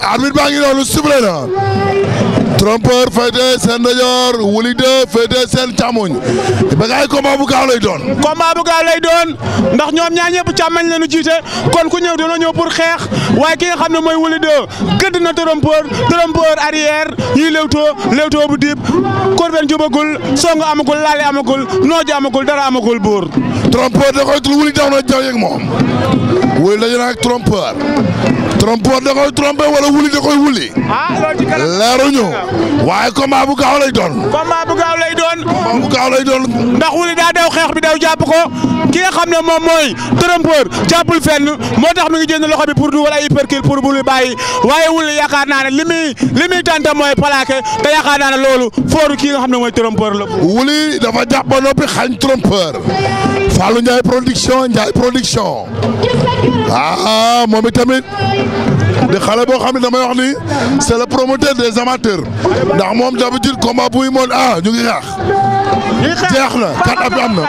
arbitre baa ngi noonu sifflé na trompeur féetee seen ndijoor Wouly 2 féetee seen càmmoñ ba ngay lay doon. combat bu lay doon ndax ñoom ñaar ñëpp càmmañ la ñu jiite kon ku ñëw dina ñëw pour xeex waaye ki nga xam ne mooy Wouly 2 gëdd na trompeur trompeur arrière ñuy lewtoo lewtoo bu diib korben jubagul song amagul laale amagul nooji amagul dara amagul buur. trompeur da koy tul wuli daw na jaw yeeg moom da koy trompé wala wuli da koy wuli. ah loolu ci kanam leeruñu waaye combat bu gaaw lay doon. combat bu wuli daa daw xeex bi daw jàpp ko ki nga xam ne moom mooy trompeur jàppul fenn moo tax mi ngi jënd loxo bi pour du wala hypercule pour bu lu bàyyi waaye wuli yaakaar naa ne li muy li muy tante mooy plaqué te yaakaar naa ne loolu fooru ki nga xam ne mooy trompeur la. wuli dafa jàpp ba noppi xañ trompeur. Fallou Ndiaye production Ndiaye production ah moom itamit di xale boo xam ne damay ni c'est le promoteur des amateurs ndax moom d'habitude combat buy moon ah ñu ngi na kat ab am na.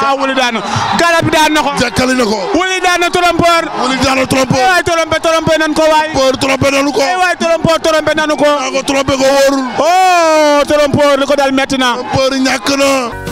Ah, wuli daan na garab daan na ko. jekkali wuli daan na trompeur. wuli daan na trompeur. waay trompé trompé ko waay. trompeur trompé nañu ko. waay trompeur trompé nañu ko. ah ko trompé ko wóorul. oh trompeur li ko dal metti na. trompeur ñàkk na.